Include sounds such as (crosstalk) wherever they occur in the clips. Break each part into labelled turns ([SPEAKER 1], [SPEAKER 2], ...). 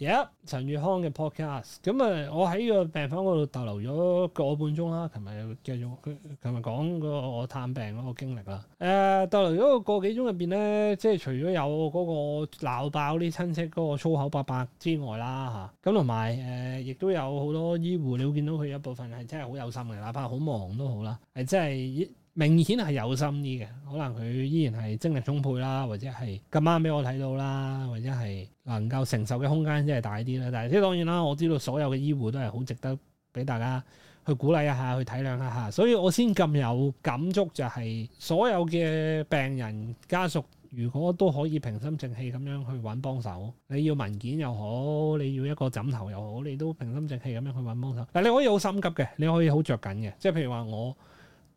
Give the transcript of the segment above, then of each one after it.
[SPEAKER 1] 耶！Yeah, 陳月康嘅 Podcast，咁啊，我喺個病房嗰度逗留咗個半鐘啦。琴日繼續佢，琴日講個我探病嗰個經歷啦。誒、呃，逗留咗個幾鐘入邊咧，即係除咗有嗰個鬧爆啲親戚嗰個粗口八百之外啦，嚇、啊。咁同埋誒，亦、呃、都有好多醫護，你會見到佢一部分係真係好有心嘅，哪怕好忙都好啦，係真係。明顯係有心啲嘅，可能佢依然係精力充沛啦，或者係咁啱俾我睇到啦，或者係能夠承受嘅空間真係大啲啦。但係即係當然啦，我知道所有嘅醫護都係好值得俾大家去鼓勵一下，去體諒一下。所以我先咁有感觸，就係所有嘅病人家屬，如果都可以平心靜氣咁樣去搵幫手，你要文件又好，你要一個枕頭又好，你都平心靜氣咁樣去搵幫手。但係，你可以好心急嘅，你可以好着緊嘅，即係譬如話我。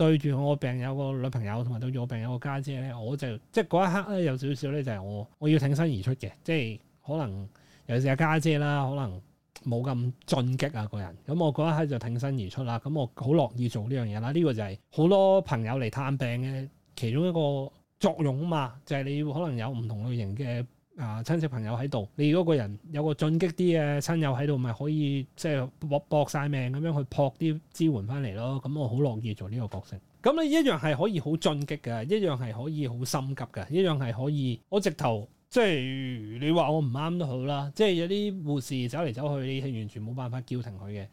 [SPEAKER 1] 對住我個病友個女朋友同埋對住我病友個家姐咧，我就即係嗰一刻咧有少少咧就係我我要挺身而出嘅，即係可能尤其是阿家姐啦，可能冇咁進擊啊個人，咁我嗰一刻就挺身而出啦，咁我好樂意做呢樣嘢啦，呢、這個就係好多朋友嚟探病嘅其中一個作用啊嘛，就係、是、你可能有唔同類型嘅。啊！親戚朋友喺度，你如果個人有個進擊啲嘅親友喺度，咪可以即係搏搏晒命咁樣去撲啲支援翻嚟咯。咁、嗯、我好樂意做呢個角色。咁你一樣係可以好進擊嘅，一樣係可以好心急嘅，一樣係可，可以。我直頭即係你話我唔啱都好啦。即係有啲護士走嚟走去，你係完全冇辦法叫停佢嘅。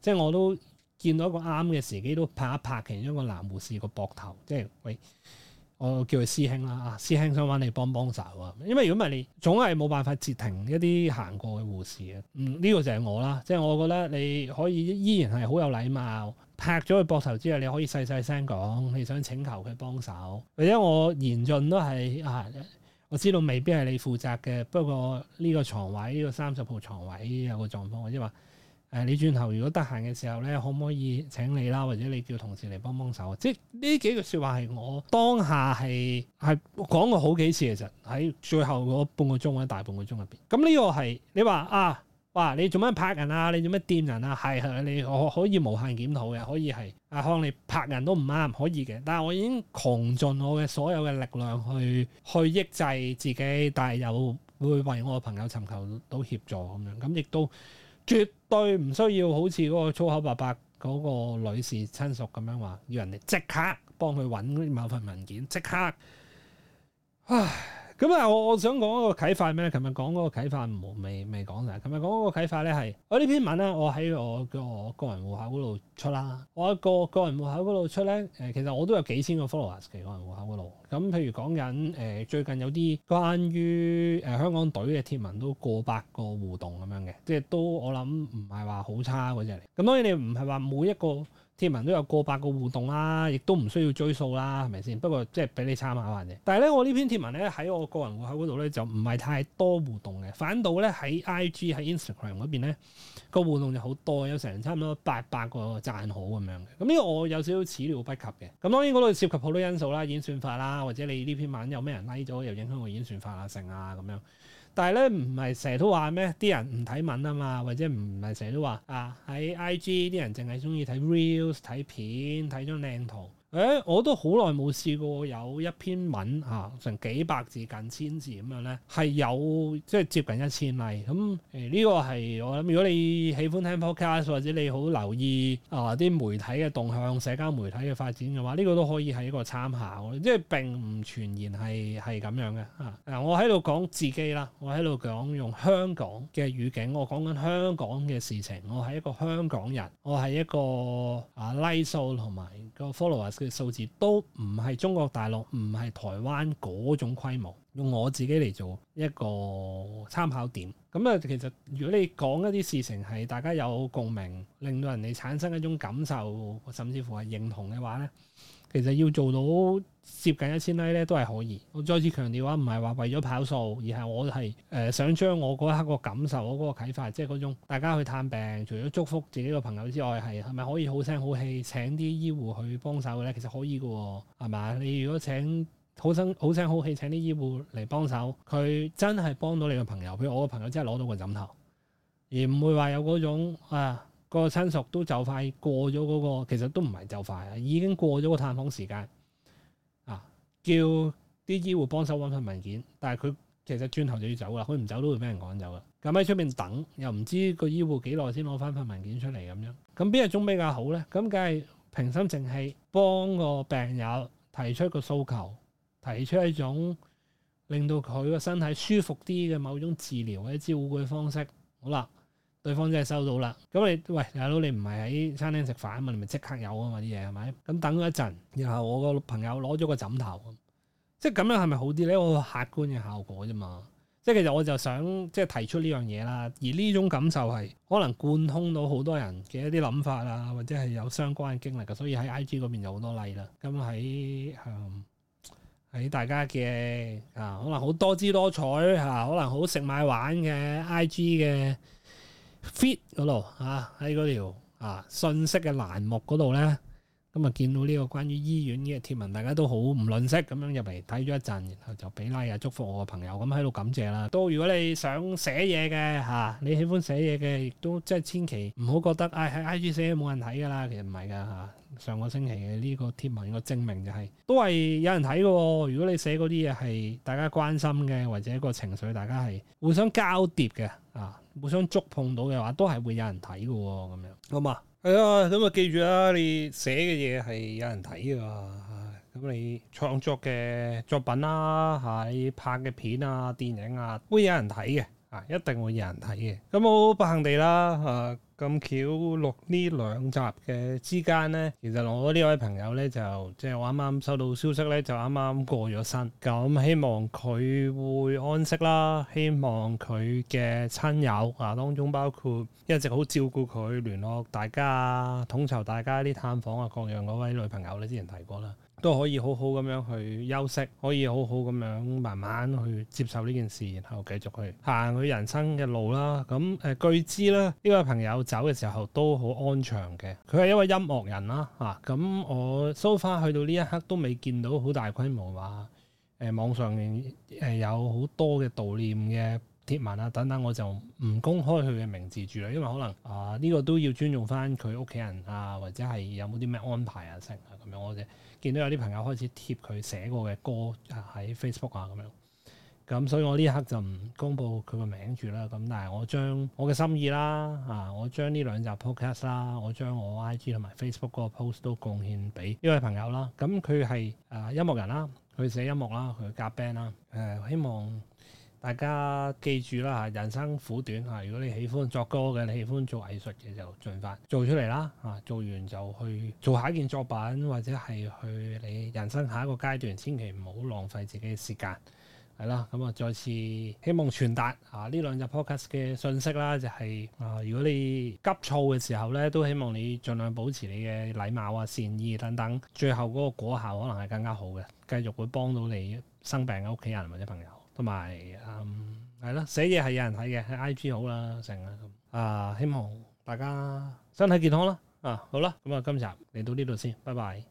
[SPEAKER 1] 即係我都見到一個啱嘅時機，都拍一拍其中一個男護士個膊頭，即係喂。我叫佢師兄啦，啊師兄想搵你幫幫手啊，因為如果唔係你總係冇辦法截停一啲行過嘅護士啊。嗯，呢、這個就係我啦，即係我覺得你可以依然係好有禮貌，拍咗佢膊頭之後，你可以細細聲講你想請求佢幫手。或者我嚴峻都係啊，我知道未必係你負責嘅，不過呢個床位呢、這個三十號床位有個狀況，即係話。誒、呃，你轉頭如果得閒嘅時候咧，可唔可以請你啦，或者你叫同事嚟幫幫手？即係呢幾句説話係我當下係係講過好幾次，其實喺最後嗰半個鐘或者大半個鐘入邊。咁、嗯、呢、這個係你話啊，哇！你做咩拍人啊？你做咩掂人啊？係係你我可以無限檢討嘅，可以係，可能你拍人都唔啱，可以嘅。但係我已經窮盡我嘅所有嘅力量去去抑制自己，但係又會為我嘅朋友尋求到協助咁樣，咁亦都。絕對唔需要好似嗰個粗口伯伯嗰個女士親屬咁樣話，要人哋即刻幫佢揾某份文件，即刻，唉。咁啊、嗯，我我想講一個啟發咩？琴日講嗰個啟發未未講晒。琴日講嗰個啟發咧係，我呢篇文啦，我喺我個個人戶口嗰度出啦。我個個人戶口嗰度出咧，誒其實我都有幾千個 followers 嘅個人戶口嗰度。咁譬如講緊誒，最近有啲關於誒香港隊嘅貼文都過百個互動咁樣嘅，即係都我諗唔係話好差嗰隻嚟。咁當然你唔係話每一個。貼文都有過百個互動啦，亦都唔需要追數啦，係咪先？不過即係俾你參考下啫。但係咧，我呢篇貼文咧喺我個人戶口嗰度咧就唔係太多互動嘅，反倒咧喺 I G 喺 Instagram 嗰邊咧、個互動就好多，有成差唔多八百個讚好咁樣嘅。咁呢個我有少少始料不及嘅，咁當然嗰度涉及好多因素啦，演算法啦，或者你呢篇文有咩人拉、like、咗又影響我演算法啊，成啊咁樣。但係咧，唔係成日都話咩？啲人唔睇文啊嘛，或者唔係成日都話啊喺 IG 啲人淨係中意睇 reels 睇片睇張靚圖。誒、欸，我都好耐冇試過有一篇文嚇、啊，成幾百字、近千字咁樣咧，係有即係接近一千例咁。誒、嗯，呢、欸這個係我諗，如果你喜歡聽 podcast 或者你好留意啊啲、呃、媒體嘅動向、社交媒體嘅發展嘅話，呢、這個都可以係一個參考。啊、即係並唔全然係係咁樣嘅嚇。嗱、啊，我喺度講自己啦，我喺度講用香港嘅語境，我講緊香港嘅事情，我係一個香港人，我係一個啊 Like 數同埋個 followers。嘅數字都唔係中國大陸，唔係台灣嗰種規模。用我自己嚟做一個參考點。咁啊，其實如果你講一啲事情係大家有共鳴，令到人哋產生一種感受，甚至乎係認同嘅話呢。其實要做到接近一千 like 咧都係可以。我再次強調啊，唔係話為咗跑數，而係我係誒想將我嗰一刻個感受，我嗰個啟發，即係嗰種大家去探病，除咗祝福自己個朋友之外，係係咪可以好聲好氣請啲醫護去幫手嘅咧？其實可以㗎喎，係嘛？你如果請好聲好聲好氣請啲醫護嚟幫手，佢真係幫到你個朋友，譬如我個朋友真係攞到個枕頭，而唔會話有嗰種啊。哎個親屬都就快過咗嗰個，其實都唔係就快啊，已經過咗個探訪時間啊，叫啲醫護幫手揾份文件，但係佢其實轉頭就要走啦，佢唔走都會俾人趕走啦。咁喺出邊等，又唔知個醫護幾耐先攞翻份文件出嚟咁樣。咁邊一種比較好咧？咁梗係平心靜氣幫個病友提出個訴求，提出一種令到佢個身體舒服啲嘅某種治療或者照顧嘅方式。好啦。對方真係收到啦，咁你，喂，大佬，你唔係喺餐廳食飯啊嘛，你咪即刻有啊嘛啲嘢係咪？咁等咗一陣，然後我個朋友攞咗個枕頭，即係咁樣係咪好啲咧？我客觀嘅效果啫嘛，即係其實我就想即係提出呢樣嘢啦。而呢種感受係可能貫通到好多人嘅一啲諗法啊，或者係有相關嘅經歷嘅，所以喺 IG 嗰邊有好多例啦。咁喺誒喺大家嘅啊，可能好多姿多彩啊，可能好食買玩嘅 IG 嘅。Feed 嗰度啊，喺嗰條啊信息嘅欄目嗰度咧，咁啊見到呢個關於醫院嘅貼文，大家都好唔吝嗇咁樣入嚟睇咗一陣，然後就俾 like 啊祝福我嘅朋友，咁喺度感謝啦。都如果你想寫嘢嘅吓，你喜歡寫嘢嘅，亦都即係千祈唔好覺得，唉、哎、喺 IG 寫冇人睇噶啦，其實唔係噶吓。上個星期嘅呢個貼文個證明就係、是，都係有人睇噶。如果你寫嗰啲嘢係大家關心嘅，或者個情緒大家係互相交疊嘅啊，互相觸碰到嘅話，都係會有人睇嘅喎，咁樣。好嘛、嗯，係啊，咁啊記住啦，你寫嘅嘢係有人睇嘅，咁你創作嘅作品啦，你拍嘅片啊、電影啊，會有人睇嘅。 (noise) 啊，一定會有人睇嘅。咁好不幸地啦，啊咁巧錄呢兩集嘅之間咧，其實我呢位朋友咧就即係、就係、我啱啱收到消息咧，就啱啱過咗身。咁希望佢會安息啦，希望佢嘅親友啊，當中包括一直好照顧佢、聯絡大家、統籌大家啲探訪啊各樣嗰位女朋友呢，我之前提過啦。都可以好好咁樣去休息，可以好好咁樣慢慢去接受呢件事，然後繼續去行佢人生嘅路啦。咁誒據知咧，呢位朋友走嘅時候都好安詳嘅。佢係一位音樂人啦，嚇、啊、咁我 so far 去到呢一刻都未見到好大規模話誒、呃、網上誒有好多嘅悼念嘅貼文啊等等，我就唔公開佢嘅名字住啦，因為可能啊呢、這個都要尊重翻佢屋企人啊，或者係有冇啲咩安排啊成啊咁樣，我哋見到有啲朋友開始貼佢寫過嘅歌喺 Facebook 啊咁樣，咁所以我呢一刻就唔公布佢個名住啦。咁但係我將我嘅心意啦啊，我將呢兩集 Podcast 啦，我將我 IG 同埋 Facebook 嗰個 post 都貢獻俾呢位朋友啦。咁佢係啊音樂人啦，佢寫音樂啦，佢夾 band 啦。誒、呃、希望。大家記住啦，人生苦短嚇。如果你喜歡作歌嘅，你喜歡做藝術嘅，就盡快做出嚟啦嚇。做完就去做下一件作品，或者係去你人生下一個階段，千祈唔好浪費自己嘅時間。係啦，咁啊，再次希望傳達嚇呢兩隻 podcast 嘅信息啦，就係啊，如果你急躁嘅時候呢，都希望你盡量保持你嘅禮貌啊、善意等等。最後嗰個果效可能係更加好嘅，繼續會幫到你生病嘅屋企人或者朋友。同埋嗯，係啦，寫嘢係有人睇嘅，喺 IG 好啦、啊，成啊咁啊，希望大家身體健康啦，啊好啦，咁、嗯、啊今集嚟到呢度先，拜拜。